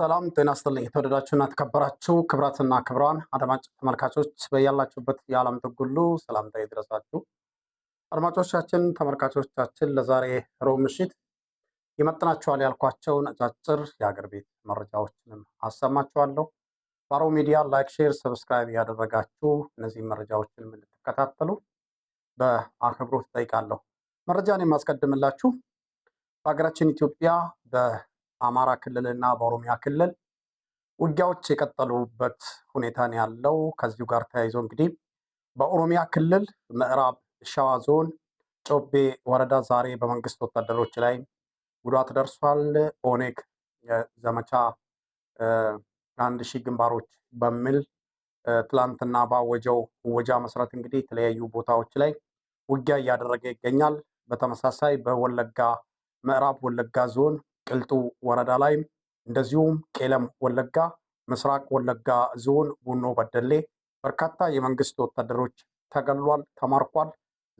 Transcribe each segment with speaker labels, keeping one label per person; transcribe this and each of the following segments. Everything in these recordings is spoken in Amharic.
Speaker 1: ሰላም ጤና ስጥልኝ። የተወደዳችሁና ተከበራችሁ ክብራትና ክብራን አድማጭ ተመልካቾች በያላችሁበት የዓለም ትጉሉ ሁሉ ሰላምታ ይድረሳችሁ። አድማጮቻችን፣ ተመልካቾቻችን ለዛሬ ረቡዕ ምሽት ይመጥናችኋል ያልኳቸውን አጫጭር የአገር ቤት መረጃዎችንም አሰማችኋለሁ። ባሮ ሚዲያ ላይክ፣ ሼር፣ ሰብስክራይብ ያደረጋችሁ እነዚህ መረጃዎችንም እንድትከታተሉ በአክብሮት ጠይቃለሁ። መረጃን የማስቀድምላችሁ በሀገራችን ኢትዮጵያ በ በአማራ ክልል እና በኦሮሚያ ክልል ውጊያዎች የቀጠሉበት ሁኔታ ነው ያለው። ከዚሁ ጋር ተያይዞ እንግዲህ በኦሮሚያ ክልል ምዕራብ ሸዋ ዞን ጮቤ ወረዳ ዛሬ በመንግስት ወታደሮች ላይ ጉዳት ደርሷል። ኦኔግ ዘመቻ አንድ ሺህ ግንባሮች በሚል ትላንትና ባወጀው ወጃ መሰረት እንግዲህ የተለያዩ ቦታዎች ላይ ውጊያ እያደረገ ይገኛል። በተመሳሳይ በወለጋ ምዕራብ ወለጋ ዞን ቅልጡ ወረዳ ላይ እንደዚሁም ቄለም ወለጋ፣ ምስራቅ ወለጋ ዞን ቡኖ በደሌ በርካታ የመንግስት ወታደሮች ተገሏል፣ ተማርኳል።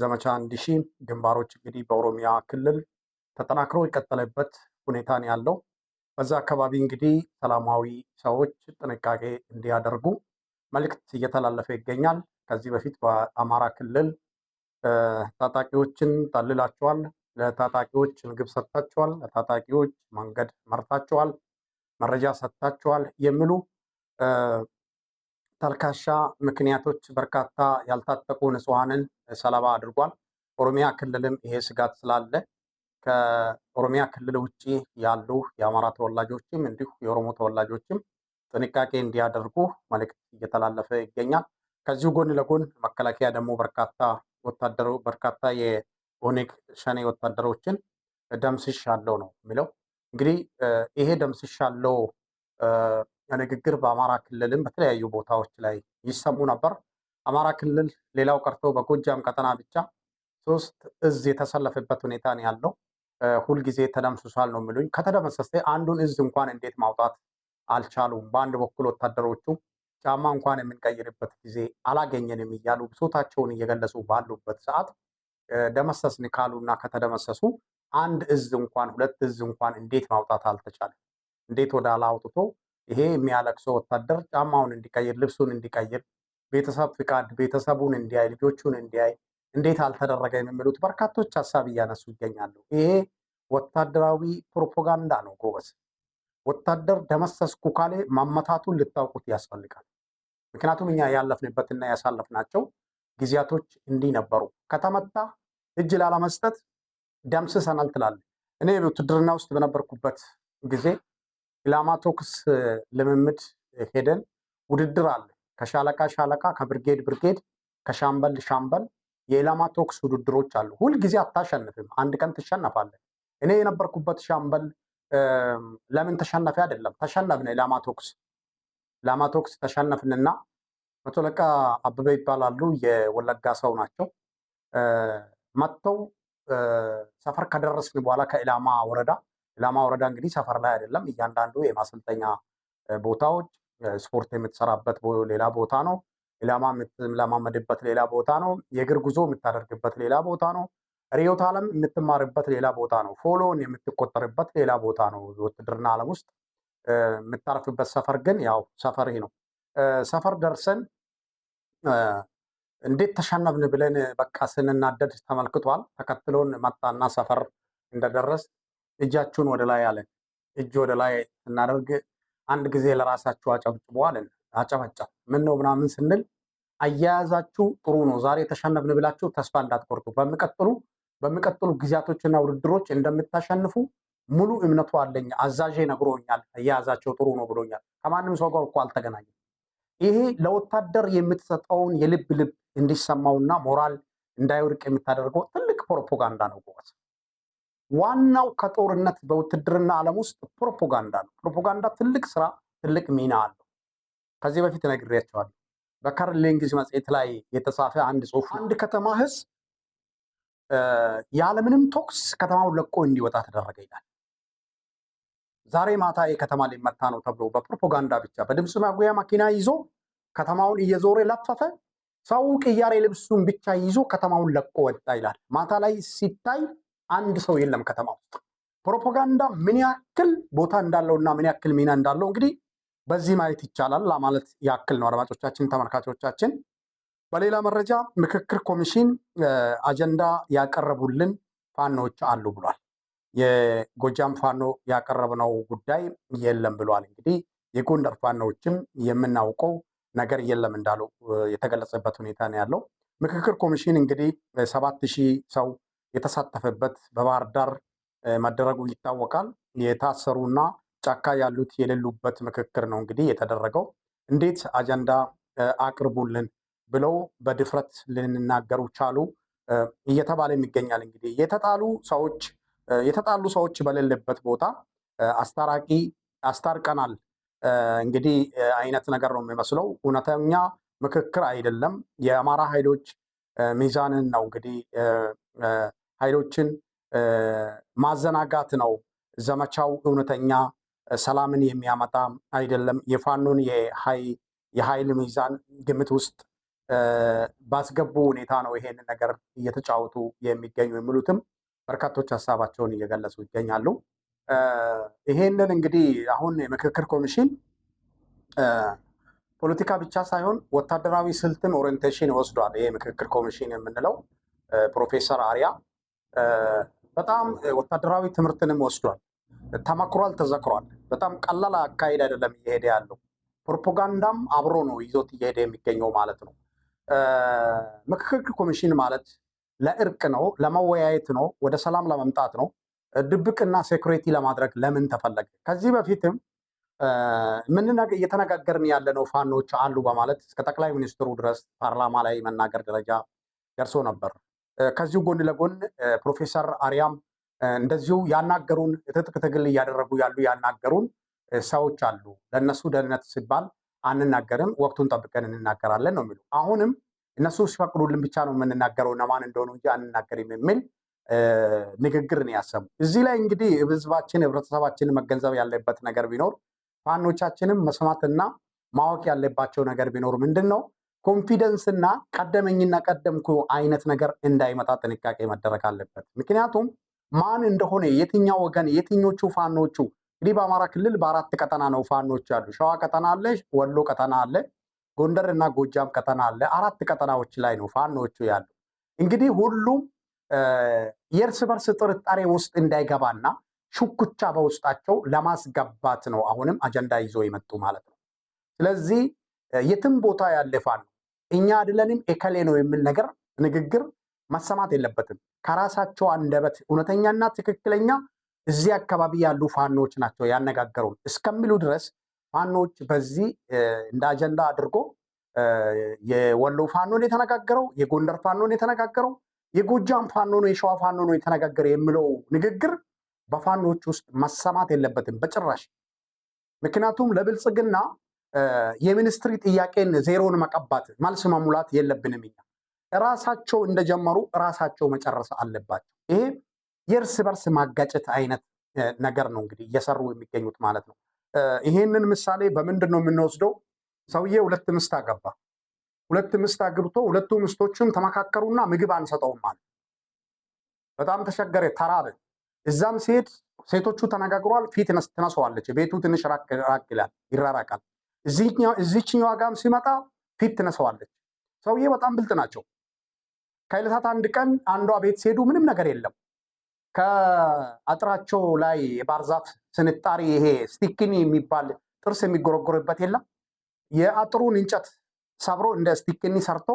Speaker 1: ዘመቻ አንድ ግንባሮች እንግዲህ በኦሮሚያ ክልል ተጠናክሮ የቀጠለበት ሁኔታ ነው ያለው። በዛ አካባቢ እንግዲህ ሰላማዊ ሰዎች ጥንቃቄ እንዲያደርጉ መልእክት እየተላለፈ ይገኛል። ከዚህ በፊት በአማራ ክልል ታጣቂዎችን ጠልላቸዋል ለታጣቂዎች ምግብ ሰጥታችኋል፣ ለታጣቂዎች መንገድ መርታችኋል፣ መረጃ ሰጥታችኋል የሚሉ ተልካሻ ምክንያቶች በርካታ ያልታጠቁ ንጹሐንን ሰለባ አድርጓል። ኦሮሚያ ክልልም ይሄ ስጋት ስላለ ከኦሮሚያ ክልል ውጭ ያሉ የአማራ ተወላጆችም እንዲሁ የኦሮሞ ተወላጆችም ጥንቃቄ እንዲያደርጉ መልእክት እየተላለፈ ይገኛል። ከዚሁ ጎን ለጎን መከላከያ ደግሞ በርካታ ወታደሩ በርካታ ኦኔግ ሸኔ ወታደሮችን ደምስሻለው ነው የሚለው። እንግዲህ ይሄ ደምስሻለው ንግግር በአማራ ክልልም በተለያዩ ቦታዎች ላይ ይሰሙ ነበር። አማራ ክልል ሌላው ቀርቶ በጎጃም ቀጠና ብቻ ሶስት እዝ የተሰለፈበት ሁኔታ ነው ያለው። ሁልጊዜ ተደምስሷል ነው የሚሉኝ። ከተደመሰሰ አንዱን እዝ እንኳን እንዴት ማውጣት አልቻሉም? በአንድ በኩል ወታደሮቹ ጫማ እንኳን የምንቀይርበት ጊዜ አላገኘንም እያሉ ብሶታቸውን እየገለጹ ባሉበት ሰዓት ደመሰስን ካሉና ከተደመሰሱ አንድ እዝ እንኳን ሁለት እዝ እንኳን እንዴት ማውጣት አልተቻለም? እንዴት ወደ ኋላ አውጥቶ ይሄ የሚያለቅሰው ወታደር ጫማውን እንዲቀይር ልብሱን እንዲቀይር ቤተሰብ ፍቃድ ቤተሰቡን እንዲያይ ልጆቹን እንዲያይ እንዴት አልተደረገ የሚሉት በርካቶች ሀሳብ እያነሱ ይገኛሉ። ይሄ ወታደራዊ ፕሮፓጋንዳ ነው ጎበዝ። ወታደር ደመሰስኩ ካለ ማመታቱን ልታውቁት ያስፈልጋል። ምክንያቱም እኛ ያለፍንበትና ያሳለፍናቸው ጊዜያቶች እንዲህ ነበሩ። ከተመታ እጅ ላለመስጠት ደምስሰናል ትላለ እኔ ውትድርና ውስጥ በነበርኩበት ጊዜ ኢላማ ቶክስ ልምምድ ሄደን ውድድር አለ። ከሻለቃ ሻለቃ፣ ከብርጌድ ብርጌድ፣ ከሻምበል ሻምበል የኢላማ ቶክስ ውድድሮች አሉ። ሁልጊዜ አታሸንፍም፣ አንድ ቀን ትሸነፋለህ። እኔ የነበርኩበት ሻምበል ለምን ተሸነፈ አይደለም፣ ተሸነፍን። ኢላማ ቶክስ ኢላማ ቶክስ ተሸነፍንና መቶ አለቃ አበበ ይባላሉ የወለጋ ሰው ናቸው መጥተው ሰፈር ከደረስኩ በኋላ ከኢላማ ወረዳ ኢላማ ወረዳ እንግዲህ ሰፈር ላይ አይደለም። እያንዳንዱ የማሰልጠኛ ቦታዎች ስፖርት የምትሰራበት ሌላ ቦታ ነው። ኢላማ የምትለማመድበት ሌላ ቦታ ነው። የእግር ጉዞ የምታደርግበት ሌላ ቦታ ነው። ርዕዮተ ዓለም የምትማርበት ሌላ ቦታ ነው። ፎሎን የምትቆጠርበት ሌላ ቦታ ነው። ውትድርና ዓለም ውስጥ የምታርፍበት ሰፈር ግን ያው ሰፈር ነው። ሰፈር ደርሰን እንዴት ተሸነፍን ብለን በቃ ስንናደድ ተመልክቷል። ተከትሎን መጣና ሰፈር እንደደረስ እጃችሁን ወደ ላይ አለን። እጅ ወደ ላይ ስናደርግ አንድ ጊዜ ለራሳችሁ አጨብጭቡ አለን። አጨበጫ ምን ነው ምናምን ስንል አያያዛችሁ ጥሩ ነው፣ ዛሬ ተሸነፍን ብላችሁ ተስፋ እንዳትቆርጡ፣ በሚቀጥሉ በሚቀጥሉ ጊዜያቶችና ውድድሮች እንደምታሸንፉ ሙሉ እምነቱ አለኝ። አዛዤ ነግሮኛል፣ አያያዛቸው ጥሩ ነው ብሎኛል። ከማንም ሰው ጋር እኮ አልተገናኘም። ይሄ ለወታደር የምትሰጠውን የልብ ልብ እንዲሰማውና ሞራል እንዳይወድቅ የምታደርገው ትልቅ ፕሮፓጋንዳ ነው። ጎበዝ፣ ዋናው ከጦርነት በውትድርና ዓለም ውስጥ ፕሮፓጋንዳ ነው። ፕሮፓጋንዳ ትልቅ ስራ፣ ትልቅ ሚና አለው። ከዚህ በፊት ነግሬያቸዋለሁ። በካርል ሌንጊዝ መጽሔት ላይ የተጻፈ አንድ ጽሑፍ አንድ ከተማ ህዝብ ያለምንም ቶክስ ከተማውን ለቆ እንዲወጣ ተደረገ ይላል። ዛሬ ማታ የከተማ ሊመታ ነው ተብሎ በፕሮፓጋንዳ ብቻ በድምፅ ማጉያ መኪና ይዞ ከተማውን እየዞረ ለፈፈ። ሰው ቅያሬ ልብሱን ብቻ ይዞ ከተማውን ለቆ ወጣ ይላል። ማታ ላይ ሲታይ አንድ ሰው የለም ከተማ ውስጥ። ፕሮፓጋንዳ ምን ያክል ቦታ እንዳለውና ምን ያክል ሚና እንዳለው እንግዲህ በዚህ ማየት ይቻላል ለማለት ያክል ነው። አድማጮቻችን፣ ተመልካቾቻችን በሌላ መረጃ ምክክር ኮሚሽን አጀንዳ ያቀረቡልን ፋኖች አሉ ብሏል። የጎጃም ፋኖ ያቀረብነው ጉዳይ የለም ብሏል። እንግዲህ የጎንደር ፋኖዎችም የምናውቀው ነገር የለም እንዳሉ የተገለጸበት ሁኔታ ነው ያለው። ምክክር ኮሚሽን እንግዲህ ሰባት ሺህ ሰው የተሳተፈበት በባህር ዳር መደረጉ ይታወቃል። የታሰሩና ጫካ ያሉት የሌሉበት ምክክር ነው እንግዲህ የተደረገው። እንዴት አጀንዳ አቅርቡልን ብለው በድፍረት ልንናገሩ ቻሉ እየተባለም ይገኛል። እንግዲህ የተጣሉ ሰዎች የተጣሉ ሰዎች በሌለበት ቦታ አስታራቂ አስታርቀናል እንግዲህ አይነት ነገር ነው የሚመስለው። እውነተኛ ምክክር አይደለም። የአማራ ኃይሎች ሚዛንን ነው እንግዲህ ኃይሎችን ማዘናጋት ነው ዘመቻው። እውነተኛ ሰላምን የሚያመጣ አይደለም። የፋኖን የኃይል ሚዛን ግምት ውስጥ ባስገቡ ሁኔታ ነው ይሄንን ነገር እየተጫወቱ የሚገኙ የሚሉትም በርካቶች ሀሳባቸውን እየገለጹ ይገኛሉ። ይሄንን እንግዲህ አሁን የምክክር ኮሚሽን ፖለቲካ ብቻ ሳይሆን ወታደራዊ ስልትም ኦሪንቴሽን ወስዷል። ይሄ ምክክር ኮሚሽን የምንለው ፕሮፌሰር አሪያ በጣም ወታደራዊ ትምህርትንም ወስዷል። ተመክሯል፣ ተዘክሯል። በጣም ቀላል አካሄድ አይደለም እየሄደ ያለው። ፕሮፓጋንዳም አብሮ ነው ይዞት እየሄደ የሚገኘው ማለት ነው። ምክክር ኮሚሽን ማለት ለእርቅ ነው፣ ለመወያየት ነው፣ ወደ ሰላም ለመምጣት ነው። ድብቅና ሴኩሪቲ ለማድረግ ለምን ተፈለገ? ከዚህ በፊትም እየተነጋገርን ያለነው ፋኖች አሉ በማለት እስከ ጠቅላይ ሚኒስትሩ ድረስ ፓርላማ ላይ መናገር ደረጃ ደርሶ ነበር። ከዚሁ ጎን ለጎን ፕሮፌሰር አርያም እንደዚሁ ያናገሩን ትጥቅ ትግል እያደረጉ ያሉ ያናገሩን ሰዎች አሉ። ለእነሱ ደህንነት ሲባል አንናገርም፣ ወቅቱን ጠብቀን እንናገራለን ነው የሚሉ አሁንም እነሱ ሲፈቅዱልን ብቻ ነው የምንናገረው እነማን እንደሆኑ እንጂ አንናገርም የሚል ንግግርን ያሰሙ። እዚህ ላይ እንግዲህ ህዝባችን፣ ህብረተሰባችን መገንዘብ ያለበት ነገር ቢኖር ፋኖቻችንም መስማትና ማወቅ ያለባቸው ነገር ቢኖር ምንድን ነው ኮንፊደንስና ቀደመኝና ቀደምኩ አይነት ነገር እንዳይመጣ ጥንቃቄ መደረግ አለበት። ምክንያቱም ማን እንደሆነ የትኛው ወገን የትኞቹ ፋኖቹ እንግዲህ በአማራ ክልል በአራት ቀጠና ነው ፋኖች ያሉ። ሸዋ ቀጠና አለ፣ ወሎ ቀጠና አለ፣ ጎንደር እና ጎጃም ቀጠና አለ። አራት ቀጠናዎች ላይ ነው ፋኖቹ ያሉ። እንግዲህ ሁሉም የእርስ በርስ ጥርጣሬ ውስጥ እንዳይገባና ሽኩቻ በውስጣቸው ለማስገባት ነው አሁንም አጀንዳ ይዞ የመጡ ማለት ነው። ስለዚህ የትም ቦታ ያለፋሉ እኛ አይደለንም እከሌ ነው የሚል ነገር ንግግር መሰማት የለበትም። ከራሳቸው አንደበት እውነተኛና ትክክለኛ እዚህ አካባቢ ያሉ ፋኖች ናቸው ያነጋገሩን እስከሚሉ ድረስ ፋኖች በዚህ እንደ አጀንዳ አድርጎ የወሎ ፋኖን የተነጋገረው የጎንደር ፋኖን የተነጋገረው የጎጃም ፋኖ ነው የሸዋ ፋኖ ነው የተነጋገረ የሚለው ንግግር በፋኖች ውስጥ መሰማት የለበትም በጭራሽ። ምክንያቱም ለብልጽግና የሚኒስትሪ ጥያቄን ዜሮን መቀባት መልስ መሙላት የለብንም እኛ ራሳቸው እንደጀመሩ ራሳቸው መጨረስ አለባቸው። ይሄ የእርስ በርስ ማጋጨት አይነት ነገር ነው እንግዲህ እየሰሩ የሚገኙት ማለት ነው። ይሄንን ምሳሌ በምንድን ነው የምንወስደው? ሰውዬ ሁለት ምስት አገባ። ሁለት ምስት አግብቶ ሁለቱ ምስቶቹም ተመካከሩና ምግብ አንሰጠውም አለ። በጣም ተቸገረ፣ ተራበ። እዛም ሲሄድ ሴቶቹ ተነጋግሯል። ፊት ትነሰዋለች። ቤቱ ትንሽ ራቅ ይላል፣ ይራራቃል። እዚችኛዋ ጋም ሲመጣ ፊት ትነሰዋለች። ሰውዬ በጣም ብልጥ ናቸው። ከዕለታት አንድ ቀን አንዷ ቤት ሲሄዱ ምንም ነገር የለም። ከአጥራቸው ላይ የባርዛፍ ስንጣሪ ይሄ ስቲኪኒ የሚባል ጥርስ የሚጎረጎርበት የለም። የአጥሩን እንጨት ሰብሮ እንደ ስቲክኒ ሰርቶ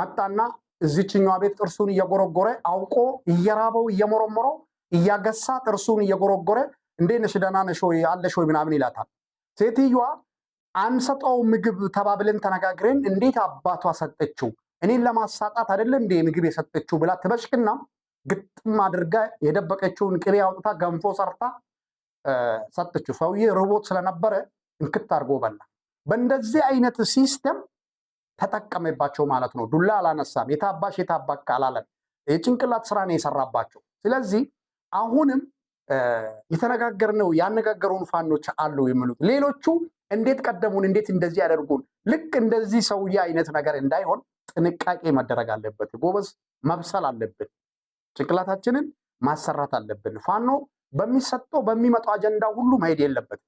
Speaker 1: መጣና እዚችኛዋ ቤት ጥርሱን እየጎረጎረ አውቆ እየራበው እየሞረሞሮ እያገሳ ጥርሱን እየጎረጎረ እንዴ ነሽ ደህና ነሽ ወይ አለሽ ወይ ምናምን ይላታል። ሴትዮዋ አንሰጠው ምግብ ተባብለን ተነጋግረን እንዴት አባቷ ሰጠችው እኔን ለማሳጣት አይደለም እንዴ ምግብ የሰጠችው ብላ ትበሽቅና ግጥም አድርጋ የደበቀችውን ቅቤ አውጥታ ገንፎ ሰርታ ሰጠችው። ሰውዬ ርቦት ስለነበረ እንክት አድርጎ በላ። በእንደዚህ አይነት ሲስተም ተጠቀመባቸው ማለት ነው። ዱላ አላነሳም፣ የታባሽ የታባክ አላለን። የጭንቅላት ስራ ነው የሰራባቸው። ስለዚህ አሁንም የተነጋገርነው ያነጋገሩን ፋኖች አሉ የሚሉት ሌሎቹ እንዴት ቀደሙን፣ እንዴት እንደዚህ ያደርጉን፣ ልክ እንደዚህ ሰውዬ አይነት ነገር እንዳይሆን ጥንቃቄ መደረግ አለበት። ጎበዝ መብሰል አለብን። ጭንቅላታችንን ማሰራት አለብን። ፋኖ በሚሰጠው በሚመጣው አጀንዳ ሁሉ መሄድ የለበትም።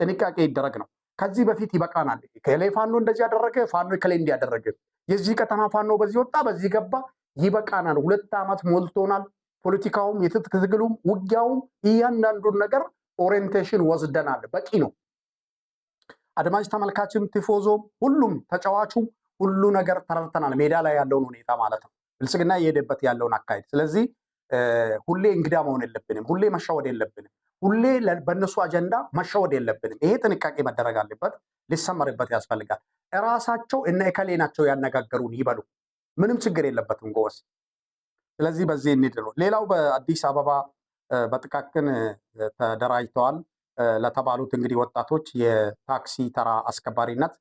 Speaker 1: ጥንቃቄ ይደረግ ነው። ከዚህ በፊት ይበቃናል። ከላይ ፋኖ እንደዚህ ያደረገ ፋኖ ከላይ እንዲያደረገ የዚህ ከተማ ፋኖ በዚህ ወጣ በዚህ ገባ፣ ይበቃናል። ሁለት ዓመት ሞልቶናል። ፖለቲካውም፣ የትጥቅ ትግሉም፣ ውጊያውም እያንዳንዱን ነገር ኦሪየንቴሽን ወስደናል። በቂ ነው። አድማጭ ተመልካችም፣ ቲፎዞም፣ ሁሉም ተጫዋቹ ሁሉ ነገር ተረድተናል። ሜዳ ላይ ያለውን ሁኔታ ማለት ነው። ብልጽግና እየሄደበት ያለውን አካሄድ። ስለዚህ ሁሌ እንግዳ መሆን የለብንም። ሁሌ መሻወድ የለብንም። ሁሌ በእነሱ አጀንዳ መሸወድ የለብንም። ይሄ ጥንቃቄ መደረግ አለበት፣ ሊሰመርበት ያስፈልጋል። እራሳቸው እነ እከሌ ናቸው ያነጋገሩን ይበሉ፣ ምንም ችግር የለበትም ጎበዝ። ስለዚህ በዚህ እንሂድ ነው። ሌላው በአዲስ አበባ በጥቃቅን ተደራጅተዋል ለተባሉት እንግዲህ ወጣቶች የታክሲ ተራ አስከባሪነት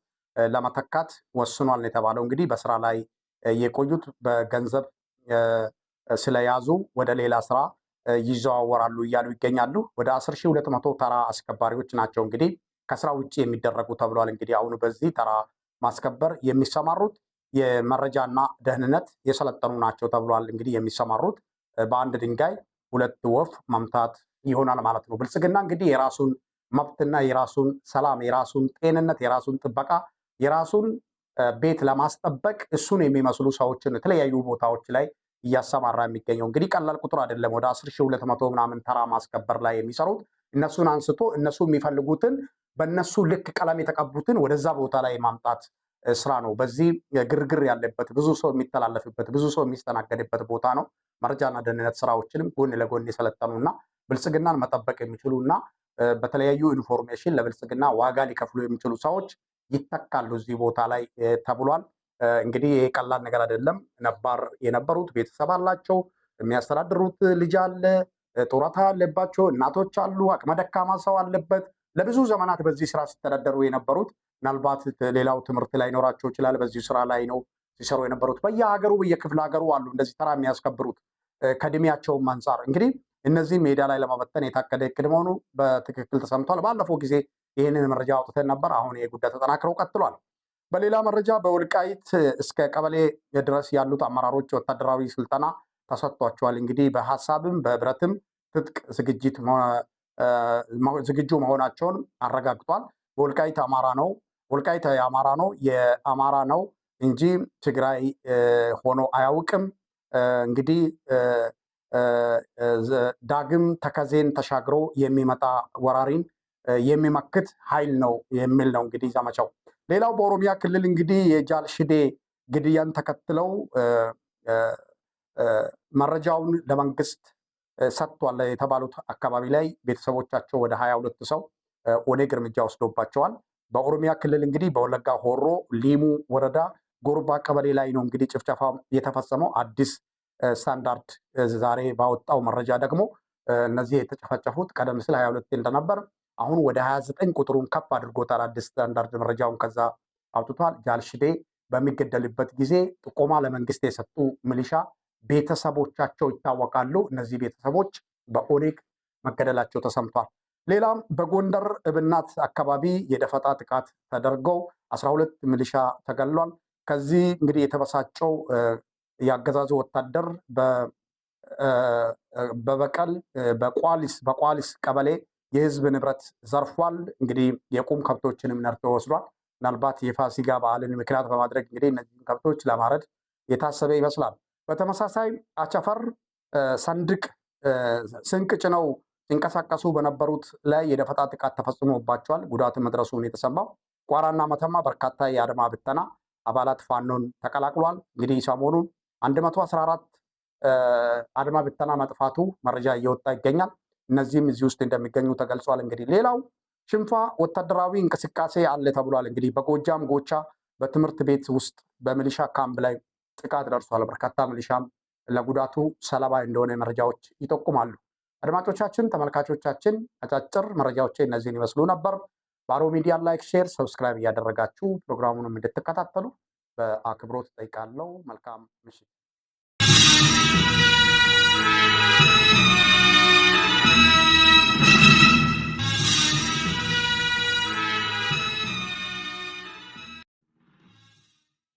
Speaker 1: ለመተካት ወስኗል ነው የተባለው። እንግዲህ በስራ ላይ የቆዩት በገንዘብ ስለያዙ ወደ ሌላ ስራ ይዘዋወራሉ እያሉ ይገኛሉ። ወደ አስር መቶ ተራ አስከባሪዎች ናቸው እንግዲህ ከስራ ውጭ የሚደረጉ ተብሏል። እንግዲህ አሁኑ በዚህ ተራ ማስከበር የሚሰማሩት የመረጃና ደህንነት የሰለጠኑ ናቸው ተብሏል። እንግዲህ የሚሰማሩት በአንድ ድንጋይ ሁለት ወፍ መምታት ይሆናል ማለት ነው። ብልጽግና እንግዲህ የራሱን መብትና የራሱን ሰላም፣ የራሱን ጤንነት፣ የራሱን ጥበቃ፣ የራሱን ቤት ለማስጠበቅ እሱን የሚመስሉ ሰዎችን የተለያዩ ቦታዎች ላይ እያሰማራ የሚገኘው እንግዲህ ቀላል ቁጥር አይደለም። ወደ አስር ምናምን ተራ ማስከበር ላይ የሚሰሩት እነሱን አንስቶ እነሱ የሚፈልጉትን በእነሱ ልክ ቀለም የተቀቡትን ወደዛ ቦታ ላይ ማምጣት ስራ ነው። በዚህ ግርግር ያለበት ብዙ ሰው የሚተላለፍበት ብዙ ሰው የሚስተናገድበት ቦታ ነው። መረጃና ደህንነት ስራዎችንም ጎን ለጎን የሰለጠኑ እና ብልጽግናን መጠበቅ የሚችሉ እና በተለያዩ ኢንፎርሜሽን ለብልጽግና ዋጋ ሊከፍሉ የሚችሉ ሰዎች ይተካሉ እዚህ ቦታ ላይ ተብሏል። እንግዲህ ይሄ ቀላል ነገር አይደለም። ነባር የነበሩት ቤተሰብ አላቸው፣ የሚያስተዳድሩት ልጅ አለ፣ ጡረታ ያለባቸው እናቶች አሉ፣ አቅመ ደካማ ሰው አለበት። ለብዙ ዘመናት በዚህ ስራ ሲተዳደሩ የነበሩት ምናልባት ሌላው ትምህርት ላይኖራቸው ይችላል። በዚህ ስራ ላይ ነው ሲሰሩ የነበሩት። በየሀገሩ በየክፍለ ሀገሩ አሉ እንደዚህ ተራ የሚያስከብሩት ከእድሜያቸውም አንጻር እንግዲህ እነዚህ ሜዳ ላይ ለማበተን የታቀደ እቅድ መሆኑ በትክክል ተሰምቷል። ባለፈው ጊዜ ይህንን መረጃ አውጥተን ነበር። አሁን ይህ ጉዳይ ተጠናክረው ቀጥሏል። በሌላ መረጃ በወልቃይት እስከ ቀበሌ ድረስ ያሉት አመራሮች ወታደራዊ ስልጠና ተሰጥቷቸዋል። እንግዲህ በሀሳብም በህብረትም ትጥቅ ዝግጅት ዝግጁ መሆናቸውን አረጋግጧል። በወልቃይት አማራ ነው፣ ወልቃይት የአማራ ነው፣ የአማራ ነው እንጂ ትግራይ ሆኖ አያውቅም። እንግዲህ ዳግም ተከዜን ተሻግሮ የሚመጣ ወራሪን የሚመክት ኃይል ነው የሚል ነው እንግዲህ ዘመቻው። ሌላው በኦሮሚያ ክልል እንግዲህ የጃልሽዴ ግድያን ተከትለው መረጃውን ለመንግስት ሰጥቷል የተባሉት አካባቢ ላይ ቤተሰቦቻቸው ወደ ሀያ ሁለት ሰው ኦኔግ እርምጃ ወስዶባቸዋል። በኦሮሚያ ክልል እንግዲህ በወለጋ ሆሮ ሊሙ ወረዳ ጎርባ ቀበሌ ላይ ነው እንግዲህ ጭፍጨፋ የተፈጸመው። አዲስ ስታንዳርድ ዛሬ ባወጣው መረጃ ደግሞ እነዚህ የተጨፈጨፉት ቀደም ሲል ሀያ ሁለት እንደነበር አሁን ወደ 29 ቁጥሩን ከፍ አድርጎታል። አዲስ ስታንዳርድ መረጃውን ከዛ አውጥቷል። ጃልሽዴ በሚገደልበት ጊዜ ጥቆማ ለመንግስት የሰጡ ሚሊሻ ቤተሰቦቻቸው ይታወቃሉ። እነዚህ ቤተሰቦች በኦኔግ መገደላቸው ተሰምቷል። ሌላም በጎንደር እብናት አካባቢ የደፈጣ ጥቃት ተደርገው 12 ሚሊሻ ተገሏል። ከዚህ እንግዲህ የተበሳጨው የአገዛዙ ወታደር በበቀል በቋሊስ በቋሊስ ቀበሌ የህዝብ ንብረት ዘርፏል። እንግዲህ የቁም ከብቶችንም ነርቶ ወስዷል። ምናልባት የፋሲጋ በዓልን ምክንያት በማድረግ እንግዲህ እነዚህን ከብቶች ለማረድ የታሰበ ይመስላል። በተመሳሳይ አቸፈር ሰንድቅ ስንቅ ጭነው ሲንቀሳቀሱ በነበሩት ላይ የደፈጣ ጥቃት ተፈጽሞባቸዋል። ጉዳት መድረሱን የተሰማው ቋራና መተማ በርካታ የአድማ ብተና አባላት ፋኖን ተቀላቅሏል። እንግዲህ ሰሞኑን 114 አድማ ብተና መጥፋቱ መረጃ እየወጣ ይገኛል። እነዚህም እዚህ ውስጥ እንደሚገኙ ተገልጿል። እንግዲህ ሌላው ሽንፋ ወታደራዊ እንቅስቃሴ አለ ተብሏል። እንግዲህ በጎጃም ጎቻ በትምህርት ቤት ውስጥ በሚሊሻ ካምፕ ላይ ጥቃት ደርሷል። በርካታ ሚሊሻም ለጉዳቱ ሰለባ እንደሆነ መረጃዎች ይጠቁማሉ። አድማጮቻችን፣ ተመልካቾቻችን አጫጭር መረጃዎች እነዚህን ይመስሉ ነበር። ባሮ ሚዲያ ላይክ፣ ሼር፣ ሰብስክራይብ እያደረጋችሁ ፕሮግራሙንም እንድትከታተሉ በአክብሮት ጠይቃለው መልካም ምሽት።